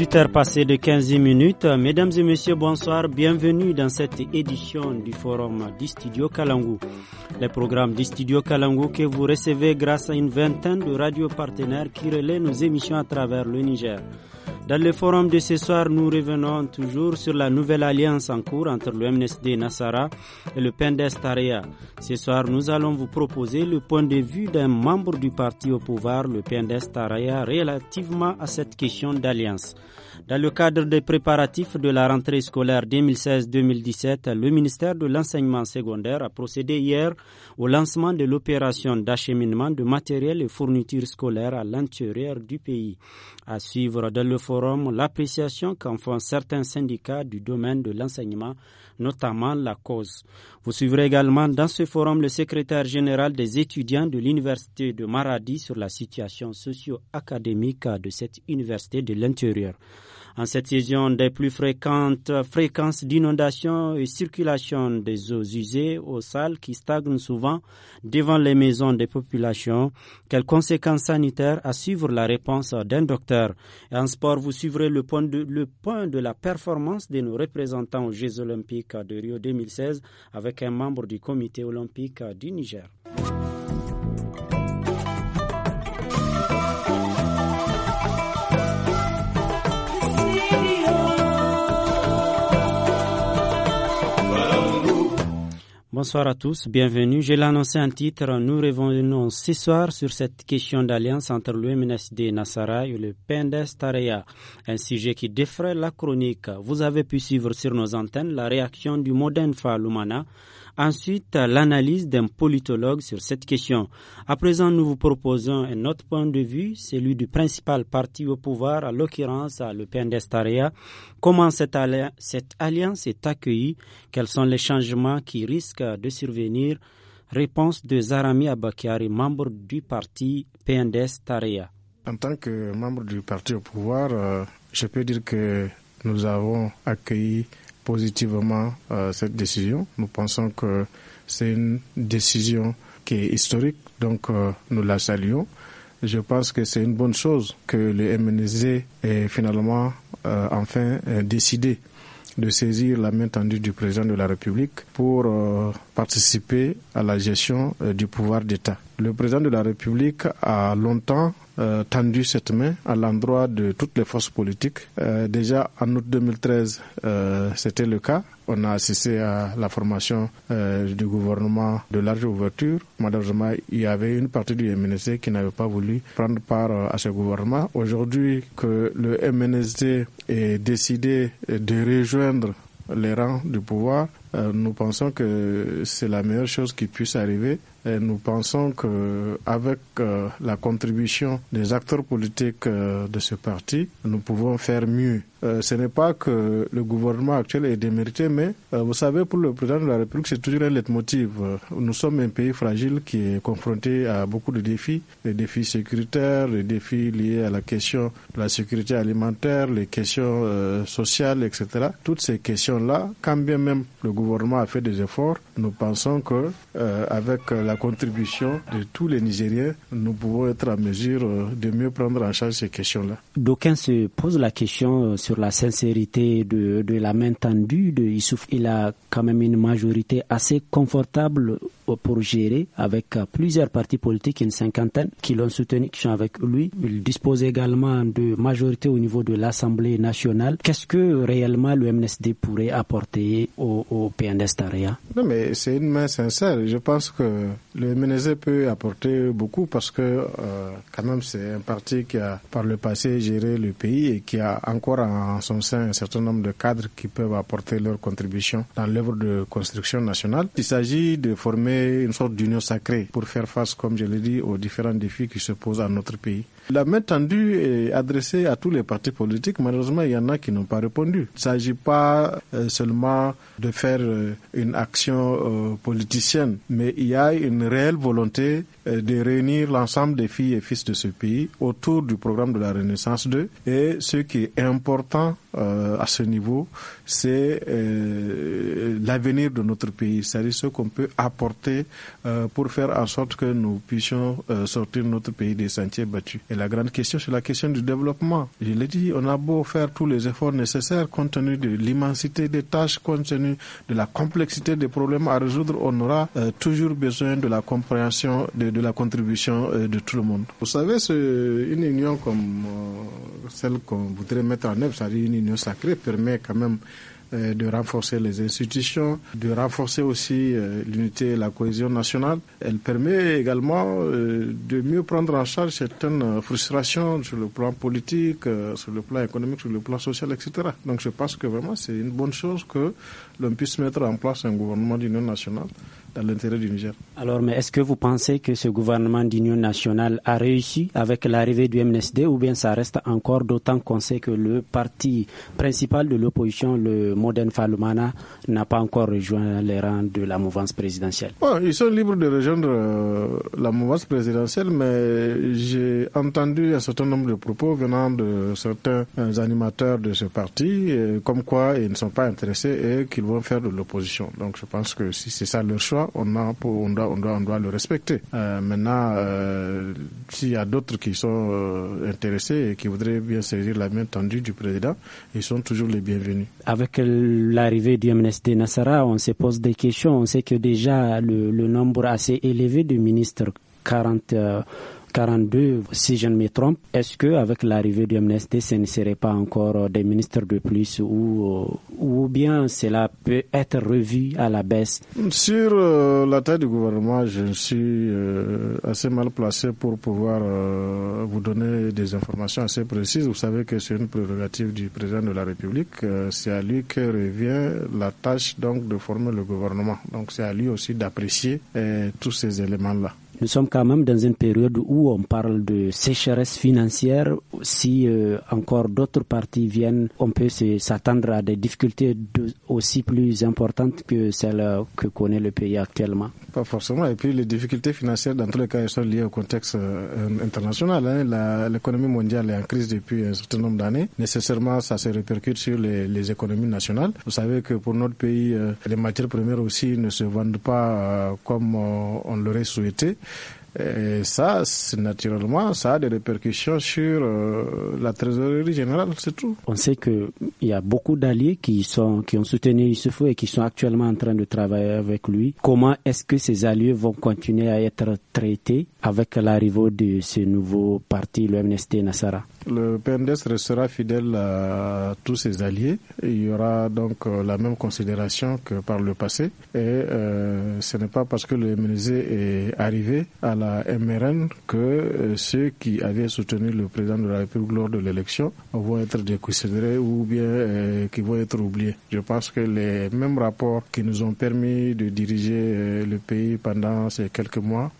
18h de 15 minutes. Mesdames et messieurs, bonsoir. Bienvenue dans cette édition du forum du Studio Kalangou. Les programmes du Studio Kalangou que vous recevez grâce à une vingtaine de radios partenaires qui relaient nos émissions à travers le Niger. Dans le forum de ce soir, nous revenons toujours sur la nouvelle alliance en cours entre le MNSD Nassara et le PNDS Ce soir, nous allons vous proposer le point de vue d'un membre du parti au pouvoir, le PNDES Tarea, relativement à cette question d'alliance. Dans le cadre des préparatifs de la rentrée scolaire 2016-2017, le ministère de l'enseignement secondaire a procédé hier au lancement de l'opération d'acheminement de matériel et fournitures scolaires à l'intérieur du pays. À suivre dans le forum l'appréciation qu'en font certains syndicats du domaine de l'enseignement, notamment la cause. Vous suivrez également dans ce forum le secrétaire général des étudiants de l'université de Maradi sur la situation socio-académique de cette université de l'intérieur. En cette saison des plus fréquentes fréquences d'inondations et circulation des eaux usées aux salles qui stagnent souvent devant les maisons des populations, quelles conséquences sanitaires à suivre la réponse d'un docteur En sport, vous suivrez le point, de, le point de la performance de nos représentants aux Jeux olympiques de Rio 2016 avec un membre du comité olympique du Niger. Bonsoir à tous, bienvenue. Je l'ai annoncé en titre, nous revenons ce soir sur cette question d'alliance entre le MNSD Nassara et le PNDS un sujet qui défraie la chronique. Vous avez pu suivre sur nos antennes la réaction du Modern Lumana ensuite l'analyse d'un politologue sur cette question. À présent, nous vous proposons un autre point de vue, celui du principal parti au pouvoir, à l'occurrence le Tarea. Comment cette, alliance est accueillie Quels sont les changements qui risquent de survenir Réponse de Zarami Abakari, membre du parti Tarea. En tant que membre du parti au pouvoir, euh, je peux dire que nous avons accueilli positivement euh, cette décision. Nous pensons que c'est une décision qui est historique, donc euh, nous la saluons. Je pense que c'est une bonne chose que le MNZ ait finalement euh, enfin décidé de saisir la main tendue du président de la République pour participer à la gestion du pouvoir d'État. Le président de la République a longtemps euh, tendu cette main à l'endroit de toutes les forces politiques. Euh, déjà en août 2013, euh, c'était le cas. On a assisté à la formation du gouvernement de large ouverture. Malheureusement, il y avait une partie du MNSD qui n'avait pas voulu prendre part à ce gouvernement. Aujourd'hui, que le MNSD ait décidé de rejoindre les rangs du pouvoir, nous pensons que c'est la meilleure chose qui puisse arriver nous pensons que avec euh, la contribution des acteurs politiques euh, de ce parti, nous pouvons faire mieux. Euh, ce n'est pas que le gouvernement actuel est démérité, mais vous savez, pour le président de la République, c'est toujours un leitmotiv. Nous sommes un pays fragile qui est confronté à beaucoup de défis, les défis sécuritaires, les défis liés à la question de la sécurité alimentaire, les questions sociales, etc. Toutes ces questions-là, quand bien même le gouvernement a fait des efforts, nous pensons que avec la la contribution de tous les Nigériens, nous pouvons être à mesure euh, de mieux prendre en charge ces questions-là. D'aucuns se posent la question euh, sur la sincérité de, de la main tendue de Issouf. Il a quand même une majorité assez confortable pour gérer avec euh, plusieurs partis politiques, une cinquantaine qui l'ont soutenu, qui sont avec lui. Il dispose également de majorité au niveau de l'Assemblée nationale. Qu'est-ce que réellement le MNSD pourrait apporter au, au Non, mais c'est une main sincère. Je pense que le MNSD peut apporter beaucoup parce que euh, quand même c'est un parti qui a par le passé géré le pays et qui a encore en son sein un certain nombre de cadres qui peuvent apporter leur contribution dans l'œuvre de construction nationale. Il s'agit de former une sorte d'union sacrée pour faire face, comme je l'ai dit, aux différents défis qui se posent à notre pays. La main tendue est adressée à tous les partis politiques. Malheureusement, il y en a qui n'ont pas répondu. Il ne s'agit pas euh, seulement de faire euh, une action euh, politicienne, mais il y a une réelle volonté de réunir l'ensemble des filles et fils de ce pays autour du programme de la Renaissance 2. Et ce qui est important à ce niveau, c'est l'avenir de notre pays, c'est-à-dire ce qu'on peut apporter pour faire en sorte que nous puissions sortir notre pays des sentiers battus la grande question, c'est la question du développement. Je l'ai dit, on a beau faire tous les efforts nécessaires compte tenu de l'immensité des tâches, compte tenu de la complexité des problèmes à résoudre, on aura euh, toujours besoin de la compréhension, de, la contribution euh, de tout le monde. Vous savez, une union comme euh, celle qu'on voudrait mettre en œuvre, c'est-à-dire une union sacrée, permet quand même euh, de renforcer les institutions, de renforcer aussi euh, l'unité et la cohésion nationale. Elle permet également euh, de mieux prendre en charge certaines frustrations sur le plan politique, sur le plan économique, sur le plan social, etc. Donc je pense que vraiment c'est une bonne chose que l'on puisse mettre en place un gouvernement d'union nationale dans l'intérêt du Niger. Alors, mais est-ce que vous pensez que ce gouvernement d'union nationale a réussi avec l'arrivée du MNSD ou bien ça reste encore d'autant qu'on sait que le parti principal de l'opposition, le Modern Falumana, n'a pas encore rejoint les rangs de la mouvance présidentielle Ils sont libres de rejoindre euh, la mouvance présidentielle, mais j'ai entendu un certain nombre de propos venant de certains animateurs de ce parti, euh, comme quoi ils ne sont pas intéressés et qu'ils faire de l'opposition. Donc je pense que si c'est ça le choix, on, on, doit, on, doit, le respecter. Euh, maintenant, euh, s'il y a d'autres qui sont euh, intéressés et qui voudraient bien saisir la main tendue du président, ils sont toujours les bienvenus. Avec l'arrivée du MNSD Nassara, on se pose des questions. On sait que déjà le, le nombre assez élevé de ministres, 40 42, si je ne me trompe. Est-ce qu'avec l'arrivée MNST, ce ne serait pas encore des ministres de plus ou, euh, ou bien cela peut être revu à la baisse Sur euh, la taille du gouvernement, je suis euh, assez mal placé pour pouvoir vous donner des informations assez précises. Vous savez que c'est une prérogative du président de la République. c'est à lui que revient la tâche donc de former le gouvernement. Donc c'est à lui aussi d'apprécier tous ces éléments-là. Nous sommes quand même dans une période où on parle de sécheresse financière. Si euh, encore d'autres parties viennent, on peut s'attendre à des difficultés aussi plus importantes que celles que connaît le pays actuellement. Pas forcément. Et puis les difficultés financières, dans tous les cas, sont liées au contexte euh, international. Hein. L'économie mondiale est en crise depuis un certain nombre d'années. Nécessairement, ça se répercute sur les, économies nationales. Vous savez que pour notre pays, euh, les matières premières aussi ne se vendent pas comme on l'aurait souhaité. Et ça, naturellement, ça a des répercussions sur euh, la trésorerie générale, c'est tout. On sait qu'il y a beaucoup d'alliés qui, qui ont soutenu Issoufou et qui sont actuellement en train de travailler avec lui. Comment est-ce que ces alliés vont continuer à être traités avec l'arrivée de ce nouveau parti, le MNST Nassara le PNDS restera fidèle à tous ses alliés. Il y aura donc euh, la même considération que par le passé. Et euh, ce n'est pas parce que le MNZ est arrivé à la MRN que euh, ceux qui avaient soutenu le président de la République lors de l'élection vont être déconsidérés ou bien qui vont être oubliés. Je pense que les mêmes rapports qui nous ont permis de diriger le pays pendant ces quelques mois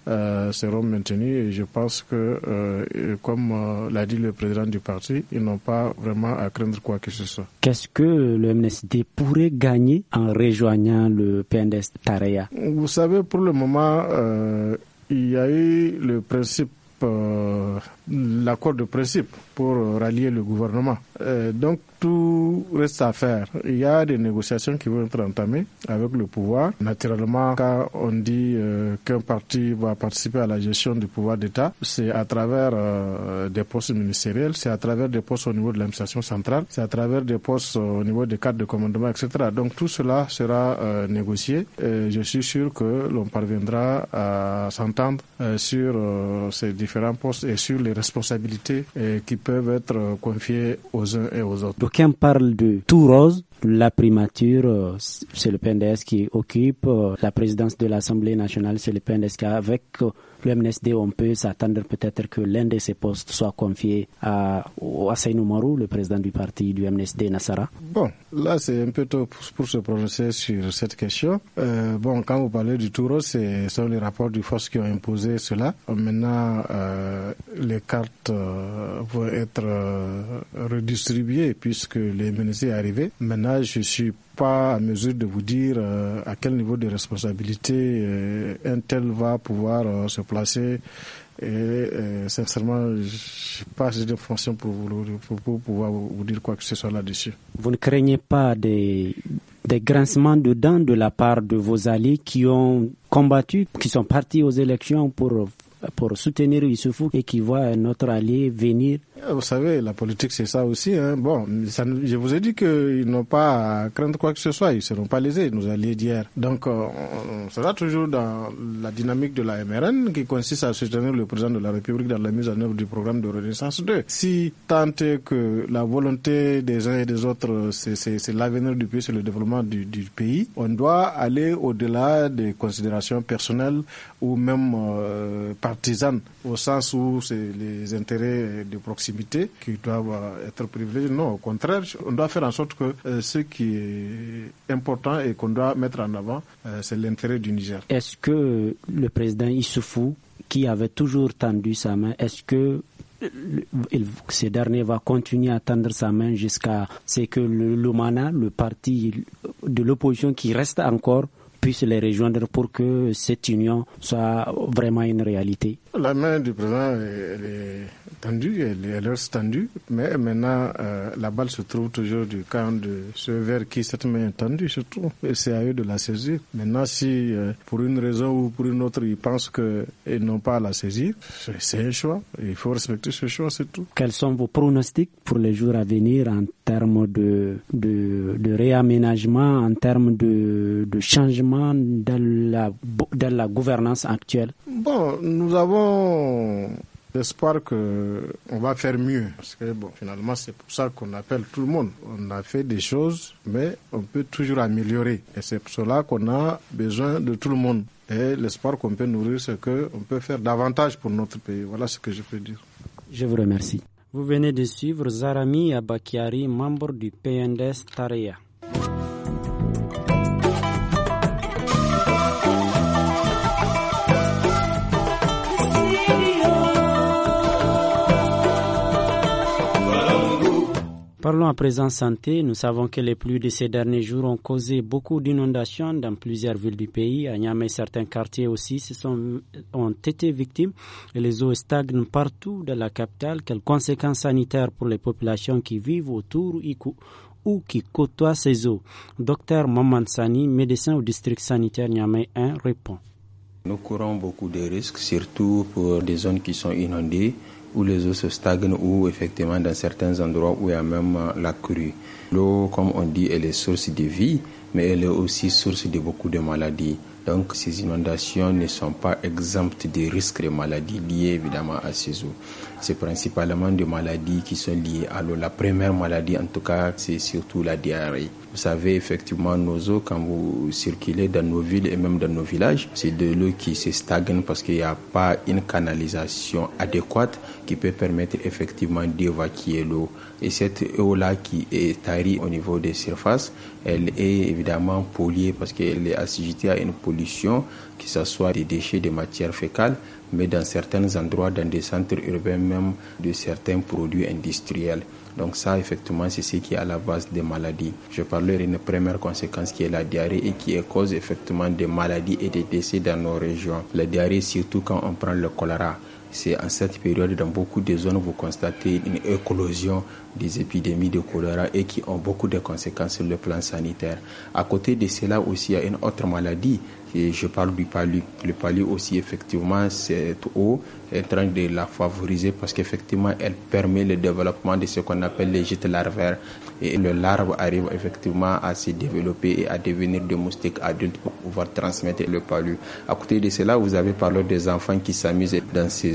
seront maintenus et je pense que, comme l'a dit le président, du parti, ils n'ont pas vraiment à craindre quoi que ce soit. Qu'est-ce que le MNSD pourrait gagner en rejoignant le PNDS Tareya Vous savez, pour le moment, euh, il y a eu le principe, euh, l'accord de principe pour rallier le gouvernement. Euh, donc tout reste à faire. Il y a des négociations qui vont être entamées avec le pouvoir. Naturellement, quand on dit euh, qu'un parti va participer à la gestion du pouvoir d'État, c'est à travers euh, des postes ministériels, c'est à travers des postes au niveau de l'administration centrale, c'est à travers des postes au niveau des cadres de commandement, etc. Donc tout cela sera négocié. je suis sûr que l'on parviendra à s'entendre sur ces différents postes et sur les responsabilités qui peuvent peuvent être euh, confiés aux uns et aux autres. on parle de tout rose. La primature, euh, c'est le PNDS qui occupe euh, la présidence de l'Assemblée nationale, c'est le PNDS avec le MNSD, on peut s'attendre peut-être que l'un de ces postes soit confié à Hassan Marou, le président du parti du MNSD Nassara Bon, là c'est un peu tôt pour, se prononcer sur cette question. Euh, bon, quand vous parlez du Touro, ce sont les rapports du force qui ont imposé cela. Maintenant, euh, les cartes euh, vont être redistribuées puisque le MNSD est arrivé. Maintenant, je suis pas à mesure de vous dire euh, à quel niveau de responsabilité euh, un tel va pouvoir euh, se placer. Et sincèrement, je n'ai pas assez de pour, pour, pour, pouvoir vous dire quoi que ce soit là-dessus. Vous ne craignez pas des, des grincements de dents de la part de vos alliés qui ont combattu, qui sont partis aux élections pour, pour soutenir Issoufou et qui voient un autre allié venir euh, vous savez, la politique, c'est ça aussi. Hein. Bon, je vous ai dit qu'ils n'ont pas à craindre quoi que ce soit. Ils ne seront pas lésés, nous allions d'hier. Donc, euh, on, sera toujours dans la dynamique de la MRN qui consiste à soutenir le président de la République dans la mise en œuvre du programme de Renaissance 2. Si tant est que la volonté des uns et des autres, c'est l'avenir du pays, c'est le développement du, pays, on doit aller au-delà des considérations personnelles ou même euh, partisanes, au sens où c'est les intérêts de proximité qui doivent euh, être privilégiés. Non, au contraire, on doit faire en sorte que euh, ce qui est important et qu'on doit mettre en avant, euh, c'est l'intérêt du Niger. Est-ce que le président Issoufou, qui avait toujours tendu sa main, est-ce que ce dernier va continuer à tendre sa main jusqu'à ce que le, le le parti de l'opposition qui reste encore, puisse les rejoindre pour que cette union soit vraiment une réalité. La main du président, elle est tendue, elle, est tendue, mais maintenant euh, la balle se trouve toujours du camp de ce vers qui cette main est tendue surtout, et c'est à eux de la saisir. Maintenant si euh, pour une raison ou pour une autre ils pensent qu'ils n'ont pas à la saisir, c'est un choix, il faut respecter ce choix, c'est tout. Quels sont vos pronostics pour les jours à venir en termes de, de, réaménagement, en termes de, changement la, dans la gouvernance actuelle Bon, nous avons L'espoir qu'on va faire mieux. Parce que bon, finalement, c'est pour ça qu'on appelle tout le monde. On a fait des choses, mais on peut toujours améliorer. Et c'est pour cela qu'on a besoin de tout le monde. Et l'espoir qu'on peut nourrir, c'est qu'on peut faire davantage pour notre pays. Voilà ce que je peux dire. Je vous remercie. Vous venez de suivre Zarami Abakiari, membre du PNDS Tarea. Parlons à présent santé. Nous savons que les pluies de ces derniers jours ont causé beaucoup d'inondations dans plusieurs villes du pays. À Niamey, certains quartiers aussi ont été victimes. Et les eaux stagnent partout dans la capitale. Quelles conséquences sanitaires pour les populations qui vivent autour ou qui côtoient ces eaux Docteur Mamansani, médecin au district sanitaire Niamey 1, répond. Nous courons beaucoup de risques, surtout pour des zones qui sont inondées où les eaux se stagnent ou effectivement dans certains endroits où il y a même euh, la crue. L'eau, comme on dit, elle est source de vie, mais elle est aussi source de beaucoup de maladies. Donc ces inondations ne sont pas exemptes des risques de maladies liées évidemment à ces eaux c'est principalement des maladies qui sont liées à l'eau. La première maladie, en tout cas, c'est surtout la diarrhée. Vous savez, effectivement, nos eaux, quand vous circulez dans nos villes et même dans nos villages, c'est de l'eau qui se stagne parce qu'il n'y a pas une canalisation adéquate qui peut permettre effectivement d'évacuer l'eau. Et cette eau-là qui est tarie au niveau des surfaces, elle est évidemment polluée parce qu'elle est assujettie à une pollution, que ce soit des déchets, des matières fécales, mais dans certains endroits, dans des centres urbains même, de certains produits industriels. Donc ça, effectivement, c'est ce qui est à la base des maladies. Je parlerai d'une première conséquence qui est la diarrhée et qui est cause effectivement des maladies et des décès dans nos régions. La diarrhée, surtout quand on prend le choléra. C'est en cette période, dans beaucoup de zones, vous constatez une éclosion des épidémies de choléra et qui ont beaucoup de conséquences sur le plan sanitaire. À côté de cela aussi, il y a une autre maladie. Et je parle du palu. Le palu aussi, effectivement, cette eau est en train de la favoriser parce qu'effectivement, elle permet le développement de ce qu'on appelle les gîtes larvaires. Et le larve arrive effectivement à se développer et à devenir des moustiques adultes pour pouvoir transmettre le palu. À côté de cela, vous avez parlé des enfants qui s'amusent dans ces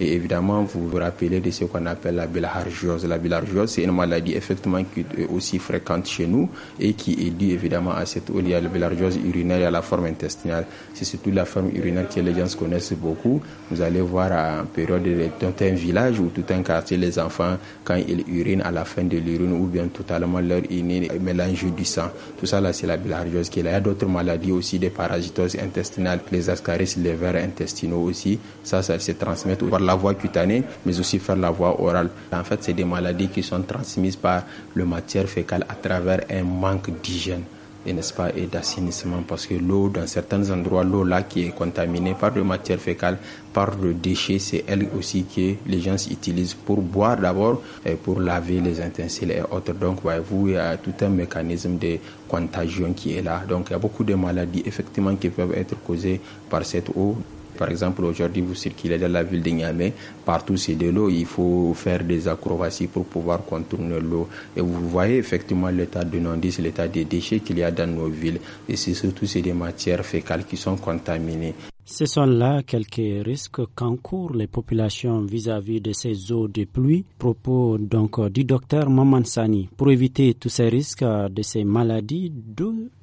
et évidemment, vous vous rappelez de ce qu'on appelle la bilharziose. La bilharziose, c'est une maladie effectivement qui aussi fréquente chez nous et qui est due évidemment à cette eau la bilharziose urinaire et à la forme intestinale. C'est surtout la forme urinaire que les gens connaissent beaucoup. Vous allez voir à période de tout un village ou tout un quartier, les enfants, quand ils urinent à la fin de l'urine ou bien totalement leur urine mélange du sang. Tout ça, là, c'est la bilharziose Il y a d'autres maladies aussi, des parasitoses intestinales, les ascaris, les vers intestinaux aussi. Ça, ça se transmet par la voie cutanée, mais aussi par la voie orale. En fait, c'est des maladies qui sont transmises par le matière fécale à travers un manque d'hygiène n'est-ce pas, et d'assainissement, parce que l'eau, dans certains endroits, l'eau là qui est contaminée par la matière fécale, par le déchet, c'est elle aussi que les gens utilisent pour boire d'abord, et pour laver les intestins et autres. Donc, voyez-vous, il y a tout un mécanisme de contagion qui est là. Donc, il y a beaucoup de maladies, effectivement, qui peuvent être causées par cette eau. Par exemple, aujourd'hui, vous circulez dans la ville de Niamey, partout c'est de l'eau, il faut faire des acrobaties pour pouvoir contourner l'eau. Et vous voyez effectivement l'état de non c'est l'état des déchets qu'il y a dans nos villes. Et c'est surtout ces des matières fécales qui sont contaminées. Ce sont là quelques risques qu'encourent les populations vis-à-vis de ces eaux de pluie. Propos donc du docteur Mamansani. Pour éviter tous ces risques de ces maladies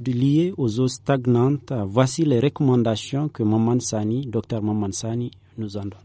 liées aux eaux stagnantes, voici les recommandations que Mamansani, docteur Mamansani, nous en donne.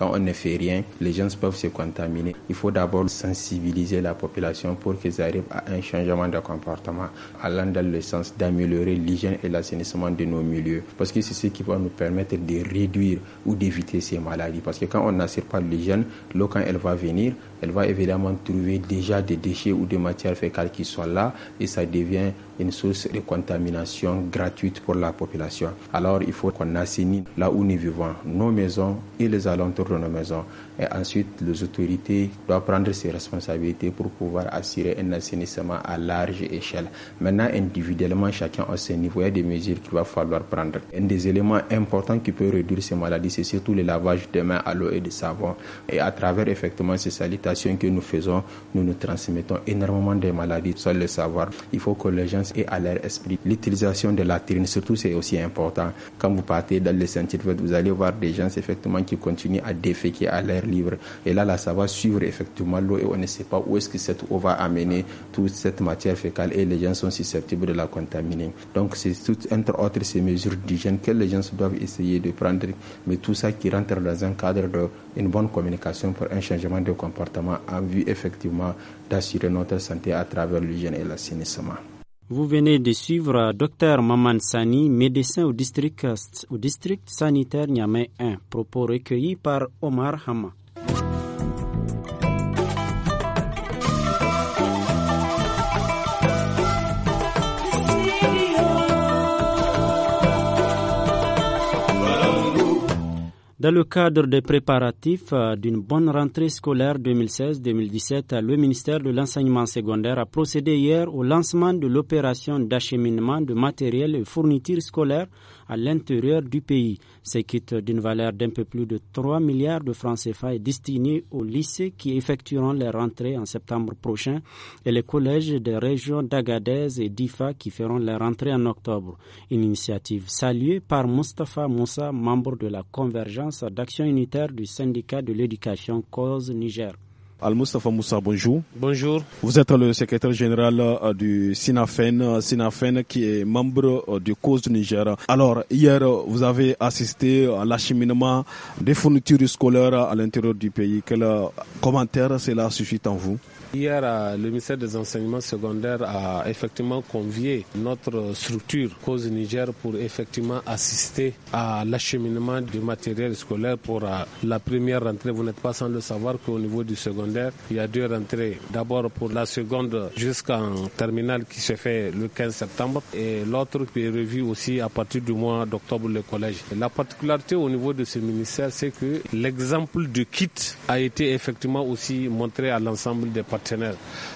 Quand on ne fait rien, les gens peuvent se contaminer. Il faut d'abord sensibiliser la population pour qu'ils arrivent à un changement de comportement, allant dans le sens d'améliorer l'hygiène et l'assainissement de nos milieux. Parce que c'est ce qui va nous permettre de réduire ou d'éviter ces maladies. Parce que quand on n'assure pas l'hygiène, l'eau, quand elle va venir, elle va évidemment trouver déjà des déchets ou des matières fécales qui sont là et ça devient une source de contamination gratuite pour la population. Alors il faut qu'on assainisse là où nous vivons, nos maisons et les alentours de nos maisons. Et ensuite, les autorités doivent prendre ses responsabilités pour pouvoir assurer un assainissement à large échelle. Maintenant, individuellement, chacun a ses niveaux, et des mesures qu'il va falloir prendre. Un des éléments importants qui peut réduire ces maladies, c'est surtout le lavage des mains à l'eau et de savon. Et à travers effectivement ces salutations que nous faisons, nous nous transmettons énormément de maladies sur le savoir. Il faut que les gens aient à l'air esprit l'utilisation de la trine, surtout c'est aussi important. Quand vous partez dans les sentiers, vous allez voir des gens effectivement qui continuent à déféquer à l'air et là, là, ça va suivre effectivement l'eau et on ne sait pas où est-ce que cette eau va amener toute cette matière fécale et les gens sont susceptibles de la contaminer. Donc, c'est tout, entre autres, ces mesures d'hygiène que les gens doivent essayer de prendre, mais tout ça qui rentre dans un cadre d'une bonne communication pour un changement de comportement en vue effectivement d'assurer notre santé à travers l'hygiène et l'assainissement. Vous venez de suivre Dr Maman Sani, médecin au district, au district sanitaire Niamé 1, propos recueilli par Omar Hama. Dans le cadre des préparatifs euh, d'une bonne rentrée scolaire 2016-2017, le ministère de l'enseignement secondaire a procédé hier au lancement de l'opération d'acheminement de matériel et fournitures scolaires à l'intérieur du pays. Ces kits d'une valeur d'un peu plus de 3 milliards de francs CFA est destiné aux lycées qui effectueront leur rentrées en septembre prochain et les collèges des régions d'Agadez et d'Ifa qui feront leur rentrées en octobre. Une initiative saluée par Mustapha Moussa, membre de la convergence d'action unitaire du syndicat de l'éducation Cause Niger. Al-Mustafa Moussa, bonjour. Bonjour. Vous êtes le secrétaire général euh, du SINAFEN, euh, SINAFEN qui est membre euh, du Cause du Niger. Alors, hier, vous avez assisté à l'acheminement des fournitures scolaires à l'intérieur du pays. Quel commentaire cela suffit en vous Hier, euh, le ministère des Enseignements secondaires a effectivement convié notre structure Cause Niger pour effectivement assister à l'acheminement du matériel scolaire pour euh, la première rentrée. Vous n'êtes pas sans le savoir qu'au niveau du secondaire, il y a deux rentrées. D'abord pour la seconde jusqu'en terminale qui se fait le 15 septembre et l'autre qui est revue aussi à partir du mois d'octobre le collège. La particularité au niveau de ce ministère, c'est que l'exemple du kit a été effectivement aussi montré à l'ensemble des partenaires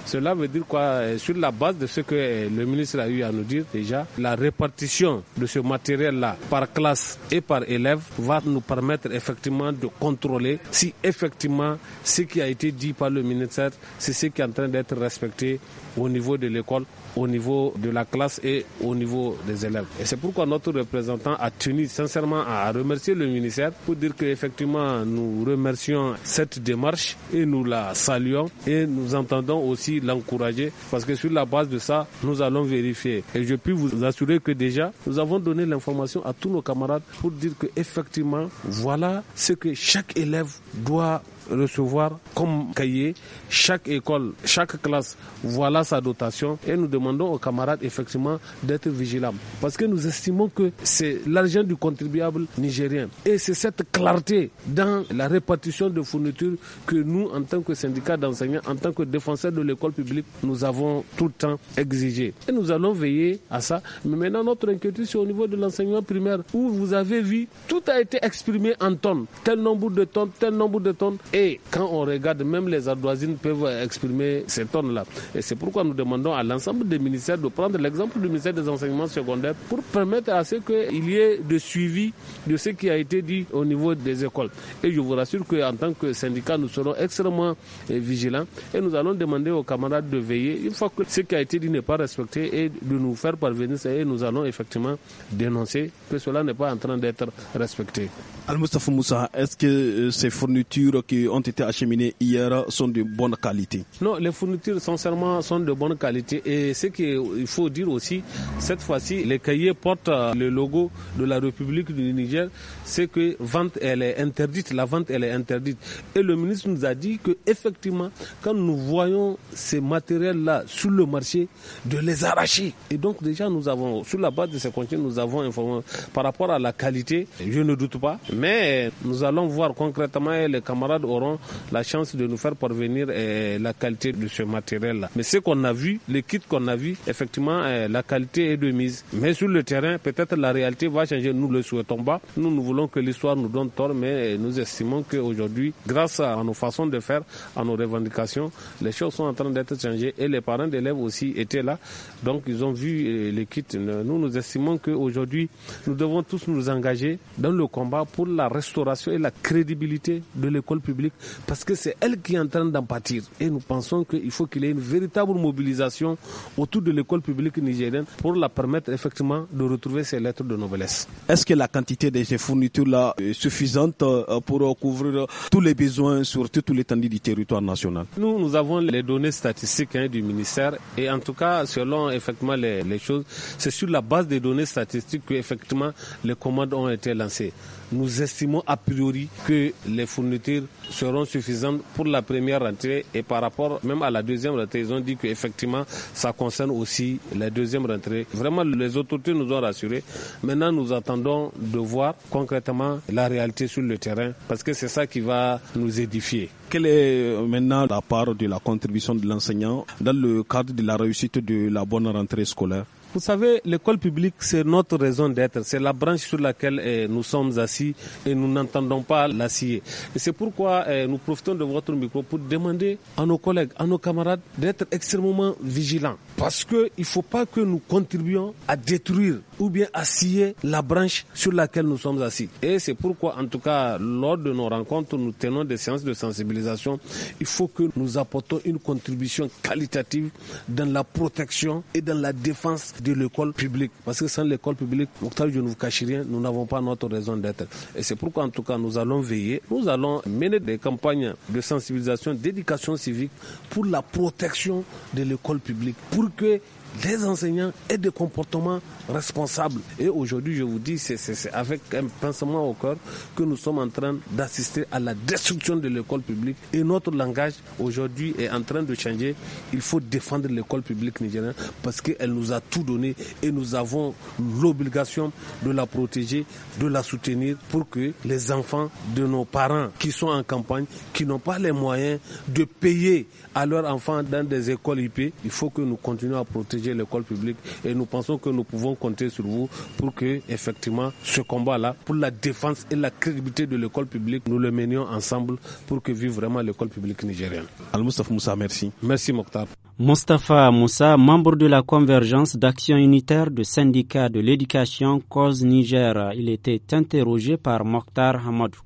cela veut dire quoi euh, Sur la base de ce que euh, le ministre a eu à nous dire déjà, la répartition de ce matériel-là par classe et par élève va nous permettre effectivement de contrôler si effectivement ce qui a été dit par le ministère, c'est ce qui est en train d'être respecté au niveau de l'école, au niveau de la classe et au niveau des élèves. Et c'est pourquoi notre représentant a tenu sincèrement à remercier le ministère pour dire qu'effectivement nous remercions cette démarche et nous la saluons et nous entendons aussi l'encourager parce que sur la base de ça, nous allons vérifier. Et je puis vous assurer que déjà, nous avons donné l'information à tous nos camarades pour dire qu'effectivement, voilà ce que chaque élève doit recevoir comme cahier chaque école, chaque classe. Voilà sa dotation. Et nous demandons aux camarades effectivement d'être vigilants. Parce que nous estimons que c'est l'argent du contribuable nigérien. Et c'est cette clarté dans la répartition de fournitures que nous, en tant que syndicat d'enseignants, en tant que défenseurs de l'école publique, nous avons tout le temps exigé. Et nous allons veiller à ça. Mais maintenant, notre inquiétude, c'est au niveau de l'enseignement primaire, où vous avez vu, tout a été exprimé en tonnes. Tel nombre de tonnes, tel nombre de tonnes. Et quand on regarde, même les ardoisines peuvent exprimer ces tonnes-là. Et c'est pourquoi nous demandons à l'ensemble des ministères de prendre l'exemple du ministère des enseignements secondaires pour permettre à ce qu'il y ait de suivi de ce qui a été dit au niveau des écoles. Et je vous rassure qu'en tant que syndicat, nous serons extrêmement eh, vigilants et nous allons demander aux camarades de veiller, une fois que ce qui a été dit n'est pas respecté, et de nous faire parvenir Et nous allons effectivement dénoncer que cela n'est pas en train d'être respecté. al Moussa, est-ce que euh, ces fournitures qui ont été acheminés hier sont de bonne qualité Non, les fournitures, sincèrement, sont de bonne qualité. Et ce qu'il faut dire aussi, cette fois-ci, les cahiers portent euh, le logo de la République du Niger. C'est que vente, elle est interdite. La vente, elle est interdite. Et le ministre nous a dit que effectivement, quand nous voyons ces matériels-là sur le marché, de les arracher. Et donc déjà, nous avons, sur la base de ces contenus, nous avons informé par rapport à la qualité. Je ne doute pas. Mais nous allons voir concrètement les camarades auront la chance de nous faire parvenir eh, la qualité de ce matériel-là. Mais ce qu'on a vu, les kits qu'on a vu, effectivement, eh, la qualité est de mise. Mais sur le terrain, peut-être la réalité va changer. Nous le souhaitons pas. Nous, nous voulons que l'histoire nous donne tort, mais eh, nous estimons qu'aujourd'hui, grâce à nos façons de faire, à nos revendications, les choses sont en train d'être changées et les parents d'élèves aussi étaient là. Donc, ils ont vu les kits. Nous, nous estimons qu'aujourd'hui, nous devons tous nous engager dans le combat pour la restauration et la crédibilité de l'école publique parce que c'est elle qui est en train d'en pâtir. Et nous pensons qu'il faut qu'il y ait une véritable mobilisation autour de l'école publique nigérienne pour la permettre effectivement de retrouver ses lettres de noblesse. Est-ce que la quantité de ces fournitures-là est suffisante euh, pour couvrir tous les besoins sur tout l'étendue du territoire national Nous, nous avons les données statistiques hein, du ministère et en tout cas, selon effectivement les, les choses, c'est sur la base des données statistiques que effectivement les commandes ont été lancées nous estimons a priori que les fournitures seront suffisantes pour la première rentrée et par rapport même à la deuxième rentrée, ils ont dit qu'effectivement, ça concerne aussi la deuxième rentrée. Vraiment, les autorités nous ont rassurés. Maintenant, nous attendons de voir concrètement la réalité sur le terrain parce que c'est ça qui va nous édifier. Quelle est euh, maintenant la part de la contribution de l'enseignant dans le cadre de la réussite de la bonne rentrée scolaire vous savez, l'école publique, c'est notre raison d'être. C'est la branche sur laquelle eh, nous sommes assis et nous n'entendons pas l'acier. Et c'est pourquoi eh, nous profitons de votre micro pour demander à nos collègues, à nos camarades d'être extrêmement vigilants. Parce qu'il ne faut pas que nous contribuions à détruire ou bien assier la branche sur laquelle nous sommes assis. Et c'est pourquoi, en tout cas, lors de nos rencontres, nous tenons des séances de sensibilisation. Il faut que nous apportons une contribution qualitative dans la protection et dans la défense de l'école publique. Parce que sans l'école publique, Octave, je ne vous cache rien, nous n'avons pas notre raison d'être. Et c'est pourquoi, en tout cas, nous allons veiller, nous allons mener des campagnes de sensibilisation, d'éducation civique pour la protection de l'école publique, pour que des enseignants et des comportements responsables. Et aujourd'hui, je vous dis, c'est avec un pincement au corps que nous sommes en train d'assister à la destruction de l'école publique. Et notre langage aujourd'hui est en train de changer. Il faut défendre l'école publique nigérienne parce qu'elle nous a tout donné et nous avons l'obligation de la protéger, de la soutenir pour que les enfants de nos parents qui sont en campagne, qui n'ont pas les moyens de payer à leurs enfants dans des écoles IP, il faut que nous continuions à protéger l'école publique et nous pensons que nous pouvons compter sur vous pour que, effectivement, ce combat-là, pour la défense et la crédibilité de l'école publique, nous le menions ensemble pour que vive vraiment l'école publique nigérienne. al Mustapha Moussa, merci. Merci, Mokhtar. Mustafa Moussa, membre de la convergence d'action unitaire de syndicat de l'éducation Cause Niger, il était interrogé par Mokhtar Hamadou.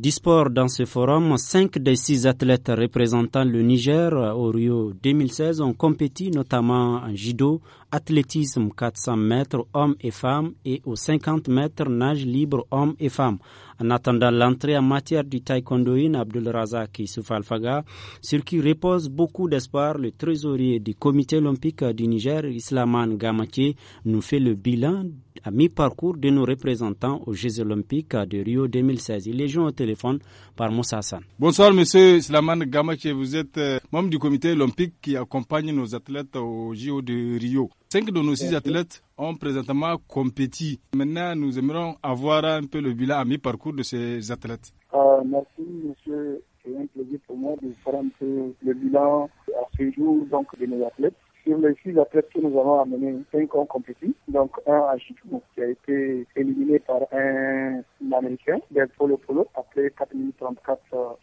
disport dans ce forum, cinq des six athlètes représentant le Niger euh, au Rio 2016 ont compéti notamment en judo, athlétisme 400 mètres hommes et femmes et aux 50 mètres nage libre hommes et femmes. En attendant l'entrée en matière du taekwondoïne Abdul Razak Soufalfaga, sur qui repose beaucoup d'espoir, le trésorier du comité olympique du Niger, Islaman Gamache, nous fait le bilan à mi-parcours de nos représentants aux Jeux Olympiques de Rio 2016. Il est joint au téléphone par Moussa Bonsoir, monsieur Islaman Gamache. Vous êtes euh, membre du comité olympique qui accompagne nos athlètes aux JO de Rio. Cinq de nos six athlètes ont présentement compétit. Maintenant, nous aimerions avoir un peu le bilan à mi-parcours de ces athlètes. Euh, merci, monsieur. C'est un plaisir pour moi de faire un peu le bilan à ce jour donc, de nos athlètes. Sur les six athlètes que nous avons amenés, cinq ont compétit. Donc, un à Chico, qui a été éliminé par un Américain, Del Polo Polo, après 4 minutes 34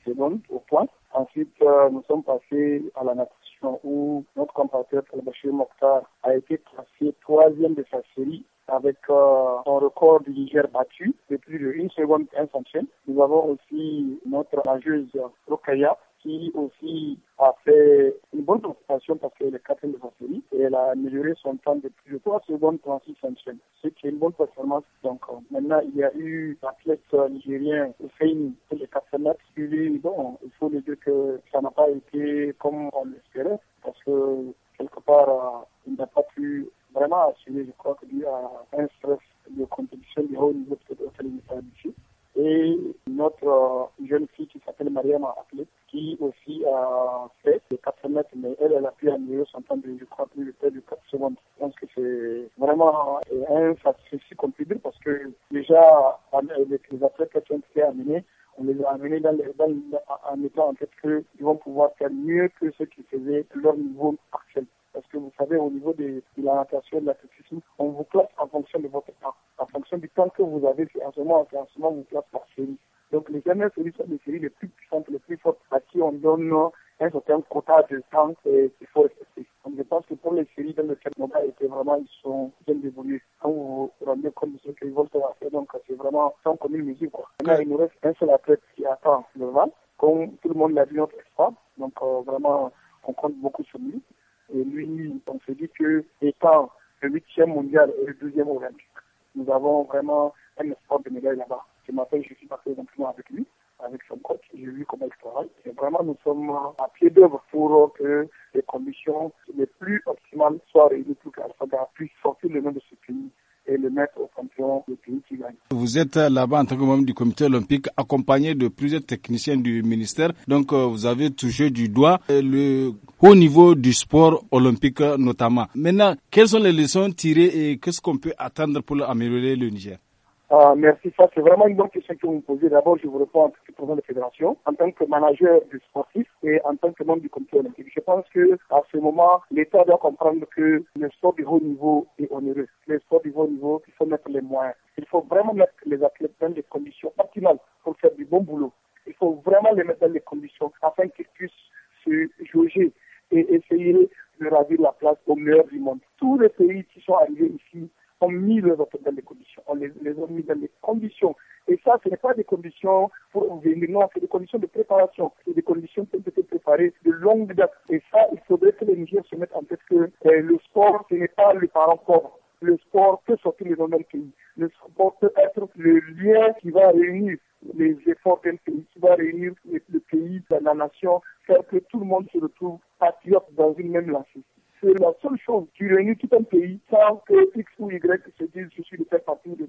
secondes au point. Ensuite, euh, nous sommes passés à la nature où notre compatriote al Mokhtar a été classé troisième de sa série avec euh, un record du Niger battu de plus de 1 seconde 1 centième. Nous avons aussi notre nageuse Rokaya qui aussi a fait une bonne participation parce qu'elle est quatrième de sa série et elle a amélioré son temps de plus de 3 secondes 36 centièmes, ce qui est une bonne performance. Donc euh, maintenant, il y a eu l'athlète euh, nigérien Hussein, qui est 400 mètres. Lui, bon, il faut le dire que ça n'a pas été comme on le parce que quelque part, euh, il n'a pas pu vraiment assumer, je crois, que dû à un stress de compétition du haut niveau de ici. Et notre euh, jeune fille qui s'appelle Mariam a appelé, qui aussi a fait les 400 mètres, mais elle, elle a pu améliorer son temps de, je crois, plus de 4 secondes. Je pense que c'est vraiment euh, un sacrifice si parce que déjà, les athlètes qui ont été on les a amenés dans les en mettant en tête qu'ils vont pouvoir faire mieux que ceux qui faisaient leur niveau actuel. Parce que vous savez, au niveau des, de la natation, de on vous classe en fonction de votre temps. En fonction du temps que vous avez, en ce moment, en ce moment, on vous classe par série. Donc les dernières séries sont les séries les plus puissantes, les plus fortes, à qui on donne un certain quota de temps qu'il faut respecter. Donc je pense que pour les séries dans lesquelles on a vraiment, ils sont bien évolués. Quand vous vous rendez compte de ce qu'ils veulent faire, donc vraiment sans commune mesure. Maintenant, il nous reste un seul athlète qui attend le val, Comme tout le monde l'a vu, notre espoir. Donc, euh, vraiment, on compte beaucoup sur lui. Et lui, on se dit que étant le e mondial et le 2e olympique, nous avons vraiment un espoir de médaille là-bas. Ce matin, je suis parti simplement avec lui, avec son coach. J'ai vu comment il travaille. Et vraiment, nous sommes à pied d'œuvre pour euh, que les conditions les plus optimales soient réunies pour qu'Alphaga puisse sortir le nom de ce pays et le mettre au champion vous êtes là-bas en tant que membre du comité olympique, accompagné de plusieurs techniciens du ministère. Donc, euh, vous avez touché du doigt euh, le haut niveau du sport olympique notamment. Maintenant, quelles sont les leçons tirées et qu'est-ce qu'on peut attendre pour améliorer le Niger euh, merci, ça c'est vraiment une bonne question que vous me posez. D'abord, je vous réponds en tant que président de la fédération, en tant que manager du sportif et en tant que membre du comité Je pense que à ce moment, l'État doit comprendre que le sport du haut niveau est onéreux. Le sport du haut niveau, il faut mettre les moyens. Il faut vraiment mettre les athlètes dans des conditions optimales pour faire du bon boulot. Il faut vraiment les mettre dans les conditions afin qu'ils puissent se juger et essayer de ravir la place au meilleur du monde. Tous les pays qui sont arrivés ici ont mis leurs dans les conditions, on les, les a mis dans les conditions. Et ça, ce n'est pas des conditions pour venir, non, c'est des conditions de préparation, c'est des conditions qui ont été préparées de longue date. Et ça, il faudrait que les Niger se mettent en tête que eh, le sport, ce n'est pas le parent corps. Le sport peut sortir les mêmes pays. Le sport peut être le lien qui va réunir les efforts d'un pays, qui va réunir le, pays, la, la nation, faire que tout le monde se retrouve patriote dans une même lancée c'est la seule chose qui réunit tout un pays sans que X ou Y se disent « je suis de telle partie de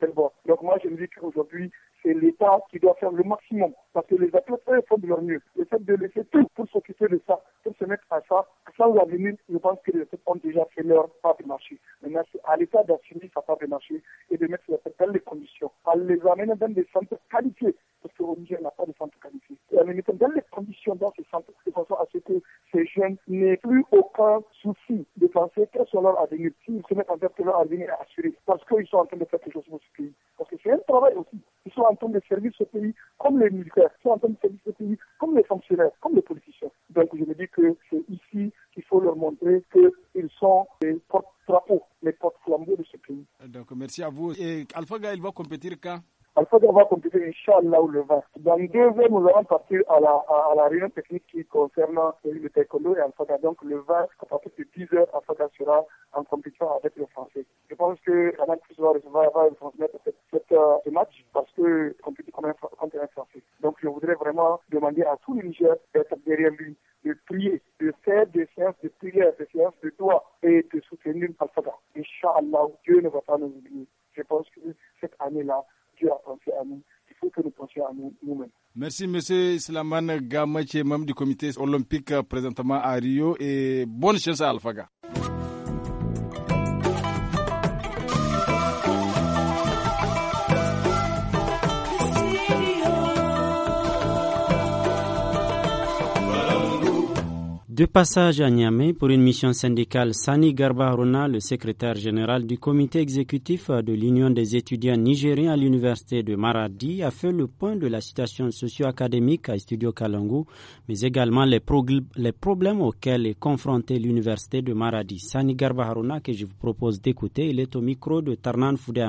tel, bord. Donc moi je me dis qu'aujourd'hui c'est l'État qui doit faire le maximum parce que les athlètes font de leur mieux. Le fait de laisser tout pour s'occuper de ça, pour se mettre à ça, ça sans l'avenir, je pense que les athlètes ont déjà fait leur part de marché. Maintenant c'est à l'État d'assumer sa part de marché et de mettre les athlètes dans les conditions, à les amener dans des centres qualifiés parce qu'aujourd'hui on n'a pas de centres qualifiés. Et à les mettre dans les conditions dans ces centres de façon à ce que ces jeunes n'aient plus aucun souci de penser quel sont leur avenir, s'ils se mettent en tête que leur avenir est assuré, parce qu'ils sont en train de faire quelque chose pour ce pays. Parce que c'est un travail aussi. Ils sont en train de servir ce pays comme les militaires, ils sont en train de servir ce pays comme les fonctionnaires, comme les politiciens. Donc je me dis que c'est ici qu'il faut leur montrer qu'ils sont des porte-drapeaux Merci à vous. Et Alphaga, il va compétir quand Alpha Alphaga va là Inch'Allah, le 20. Dans deux heures, nous allons partir à la, réunion technique qui concerne le taekwondo et Alphaga. Donc, le 20, à partir de 10 heures, Alphaga sera en compétition avec le français. Je pense que Alain va recevoir, va transmettre cette, euh, ce match parce que compétit contre un, français. Donc, je voudrais vraiment demander à tous les Niger d'être derrière lui, de prier, de faire des séances de prière, des séances de toi et de soutenir Alphaga. Inch'Allah, Dieu ne va pas nous oublier. Je pense que cette année-là, Dieu a pensé à nous. Il faut que nous pensions à nous-mêmes. Merci, M. Islaman Gamache, membre du comité olympique présentement à Rio, et bonne chance à Alphaga. De passage à Niamey pour une mission syndicale, Sani Garba le secrétaire général du comité exécutif de l'Union des étudiants nigériens à l'université de Maradi, a fait le point de la situation socio-académique à Studio Kalangu, mais également les, problèmes auxquels est confrontée l'université de Maradi. Sani Garba que je vous propose d'écouter, il est au micro de Tarnan Foudé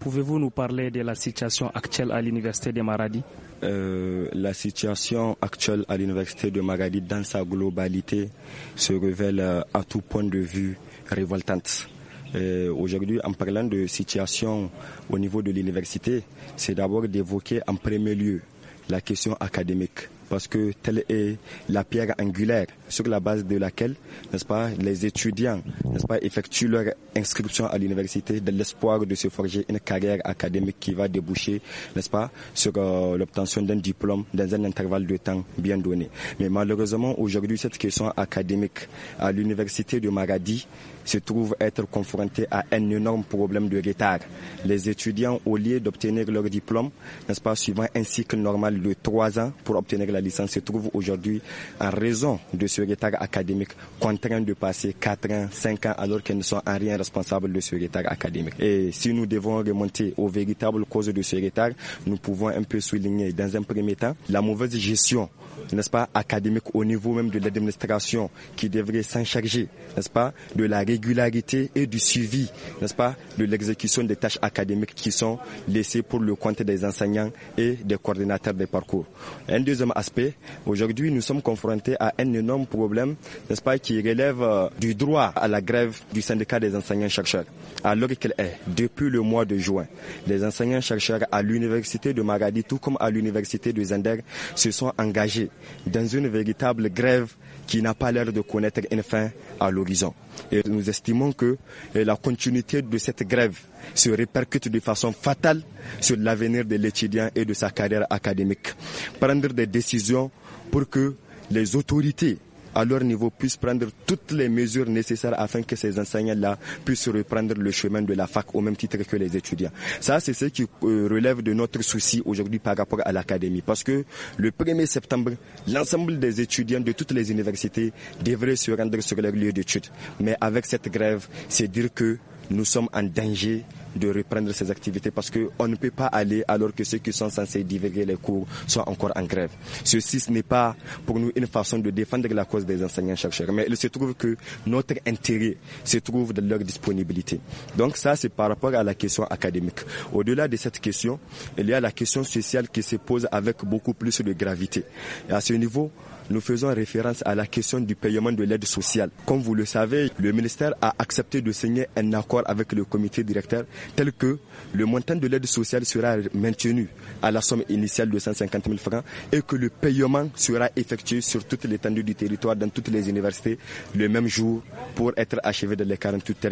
Pouvez-vous nous parler de la situation actuelle à l'université de Maradi euh, La situation actuelle à l'université de Maradi dans sa globalité se révèle euh, à tout point de vue révoltante. Euh, aujourd'hui, en parlant de situation au niveau de l'université, c'est d'abord d'évoquer en premier lieu la question académique parce que telle est la pierre angulaire sur la base de laquelle, n'est-ce pas, les étudiants, n'est-ce pas, effectuent leur inscription à l'université dans l'espoir de se forger une carrière académique qui va déboucher, n'est-ce pas, sur euh, l'obtention d'un diplôme dans un intervalle de temps bien donné. Mais malheureusement, aujourd'hui, cette question académique à l'université de Maradi, se trouve être confronté à un énorme problème de retard. Les étudiants, au lieu d'obtenir leur diplôme, n'est-ce pas, suivant un cycle normal de trois ans pour obtenir la licence, se trouvent aujourd'hui, en raison de ce retard académique, contraints de passer quatre ans, cinq ans, alors qu'ils ne sont en rien responsables de ce retard académique. Et si nous devons remonter aux véritables causes de ce retard, nous pouvons un peu souligner, dans un premier temps, la mauvaise gestion, n'est-ce pas, académique au niveau même de l'administration qui devrait s'en charger, n'est-ce pas, de la régulation régularité et du suivi, n'est-ce pas, de l'exécution des tâches académiques qui sont laissées pour le compte des enseignants et des coordinateurs des parcours. Un deuxième aspect, aujourd'hui, nous sommes confrontés à un énorme problème, n'est-ce pas, qui relève euh, du droit à la grève du syndicat des enseignants-chercheurs, alors qu'elle est depuis le mois de juin. Les enseignants-chercheurs à l'université de Magadi, tout comme à l'université de Zender, se sont engagés dans une véritable grève qui n'a pas l'air de connaître une fin à l'horizon. Et nous estimons que eh, la continuité de cette grève se répercute de façon fatale sur l'avenir de l'étudiant et de sa carrière académique. Prendre des décisions pour que les autorités à leur niveau, puissent prendre toutes les mesures nécessaires afin que ces enseignants-là puissent reprendre le chemin de la fac au même titre que les étudiants. Ça, c'est ce qui euh, relève de notre souci aujourd'hui par rapport à l'académie. Parce que le 1er septembre, l'ensemble des étudiants de toutes les universités devraient se rendre sur leur lieu d'études. Mais avec cette grève, c'est dire que nous sommes en danger de reprendre ces activités parce qu'on ne peut pas aller alors que ceux qui sont censés divulguer les cours sont encore en grève. Ceci, ce n'est pas pour nous une façon de défendre la cause des enseignants-chercheurs, mais il se trouve que notre intérêt se trouve dans leur disponibilité. Donc ça, c'est par rapport à la question académique. Au-delà de cette question, il y a la question sociale qui se pose avec beaucoup plus de gravité. Et à ce niveau, nous faisons référence à la question du paiement de l'aide sociale. Comme vous le savez, le ministère a accepté de signer un accord avec le comité directeur tel que le montant de l'aide sociale sera maintenu à la somme initiale de 150 000 francs et que le paiement sera effectué sur toute l'étendue du territoire, dans toutes les universités, le même jour pour être achevé dans les 48 heures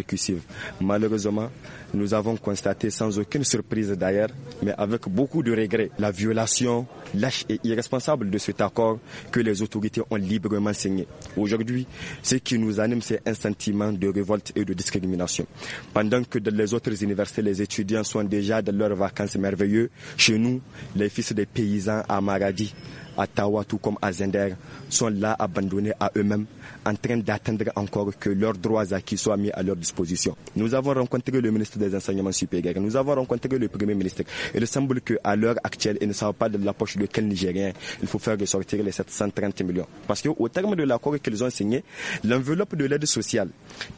Malheureusement, nous avons constaté sans aucune surprise d'ailleurs, mais avec beaucoup de regrets, la violation lâche et irresponsable de cet accord que les autres autorités ont librement signé. Aujourd'hui, ce qui nous anime, c'est un sentiment de révolte et de discrimination. Pendant que dans les autres universités, les étudiants sont déjà dans leurs vacances merveilleuses, chez nous, les fils des paysans à Maradi, à Tawa tout comme à Zender, sont là abandonnés à eux-mêmes, en train d'attendre encore que leurs droits acquis soient mis à leur disposition. Nous avons rencontré le ministre des Enseignements supérieurs, nous avons rencontré le Premier ministre. Il semble qu'à l'heure actuelle, ils ne savent pas de la poche de quel Nigérien il faut faire ressortir les 730 millions. Parce qu'au terme de l'accord qu'ils ont signé, l'enveloppe de l'aide sociale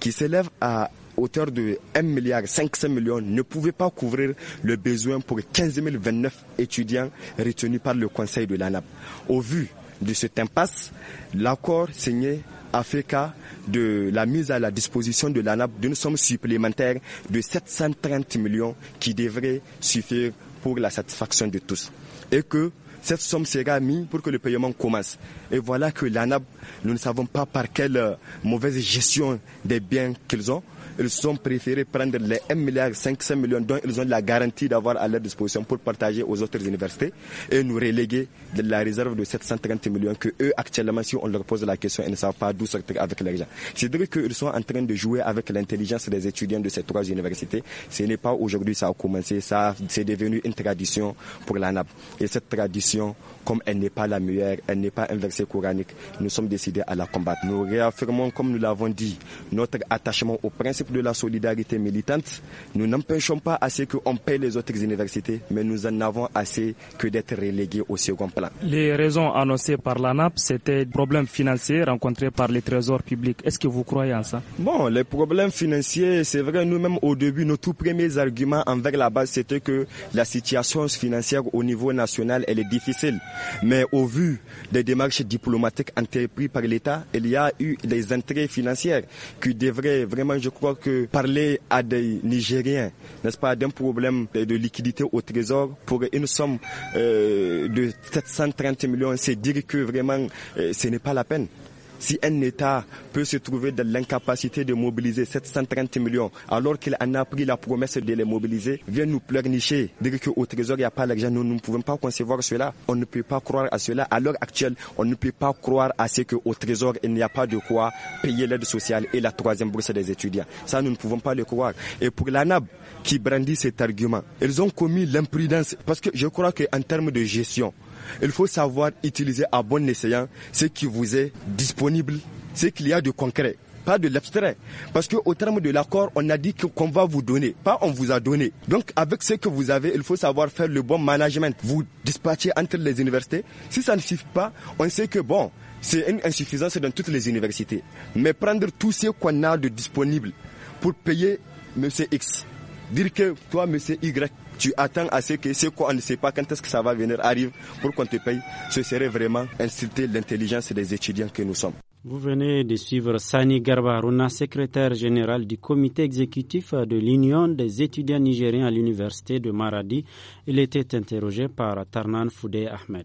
qui s'élève à hauteur de 1 milliard 500 millions ne pouvait pas couvrir le besoin pour 15 029 étudiants retenus par le Conseil de l'ANAP. Au vu de cet impasse, l'accord signé a fait cas de la mise à la disposition de l'ANAP d'une somme supplémentaire de 730 millions qui devrait suffire pour la satisfaction de tous. Et que cette somme sera mise pour que le paiement commence. Et voilà que l'ANAP, nous ne savons pas par quelle mauvaise gestion des biens qu'ils ont, ils sont préférés prendre les 1,5 milliard dont ils ont la garantie d'avoir à leur disposition pour partager aux autres universités et nous reléguer de la réserve de 730 millions que eux actuellement si on leur pose la question ils ne savent pas d'où sortir avec l'argent. cest vrai qu'ils sont en train de jouer avec l'intelligence des étudiants de ces trois universités. Ce n'est pas aujourd'hui ça a commencé, ça c'est devenu une tradition pour la nap Et cette tradition, comme elle n'est pas la meilleure, elle n'est pas un verset coranique, nous sommes décidés à la combattre. Nous réaffirmons, comme nous l'avons dit, notre attachement au principe de la solidarité militante, nous n'empêchons pas assez qu'on paye les autres universités, mais nous en avons assez que d'être relégués au second plan. Les raisons annoncées par l'ANAP, c'était des problèmes financiers rencontrés par les trésors publics. Est-ce que vous croyez en ça Bon, les problèmes financiers, c'est vrai, nous-mêmes au début, nos tout premiers arguments envers la base, c'était que la situation financière au niveau national, elle est difficile. Mais au vu des démarches diplomatiques entreprises par l'État, il y a eu des entrées financières qui devraient vraiment, je crois, que parler à des Nigériens, n'est-ce pas, d'un problème de liquidité au trésor pour une somme euh, de 730 millions, c'est dire que vraiment, euh, ce n'est pas la peine. Si un État peut se trouver dans l'incapacité de mobiliser 730 millions alors qu'il en a pris la promesse de les mobiliser, vient nous pleurnicher, dire qu'au Trésor, il n'y a pas l'argent. Nous ne pouvons pas concevoir cela. On ne peut pas croire à cela. À l'heure actuelle, on ne peut pas croire à ce qu'au Trésor, il n'y a pas de quoi payer l'aide sociale et la troisième bourse des étudiants. Ça, nous ne pouvons pas le croire. Et pour l'ANAB, qui brandit cet argument, ils ont commis l'imprudence parce que je crois qu'en termes de gestion, il faut savoir utiliser à bon escient ce qui vous est disponible, ce qu'il y a de concret pas de l'abstrait. Parce qu'au terme de l'accord, on a dit qu'on va vous donner, pas on vous a donné. Donc avec ce que vous avez, il faut savoir faire le bon management. Vous dispatchez entre les universités. Si ça ne suffit pas, on sait que bon, c'est une insuffisance dans toutes les universités. Mais prendre tout ce qu'on a de disponible pour payer M. X, dire que toi, M. Y, tu attends à ce que ce qu'on ne sait pas quand est-ce que ça va venir arrive pour qu'on te paye, ce serait vraiment insulter l'intelligence des étudiants que nous sommes. Vous venez de suivre Sani Garbaruna, secrétaire général du comité exécutif de l'Union des étudiants nigériens à l'université de Maradi. Il était interrogé par Tarnan Foudé Ahmed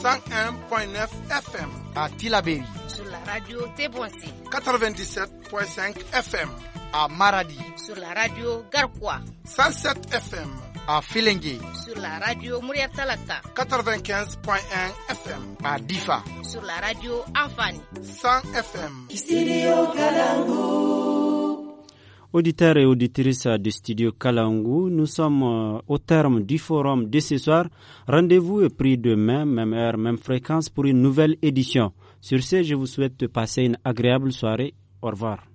101.9 FM à Tilaberi. Sur la radio Tébouassi. 97.5 FM à Maradi. Sur la radio Garkwa. 107 FM à Filingué Sur la radio Mouriatalaka. 95.1 FM à Difa. Sur la radio Anfani. 100 FM. Studio Auditeurs et auditrices du studio Kalangu, nous sommes euh, au terme du forum de ce soir. Rendez-vous au prix demain, même heure, même fréquence pour une nouvelle édition. Sur ce, je vous souhaite de passer une agréable soirée. Au revoir.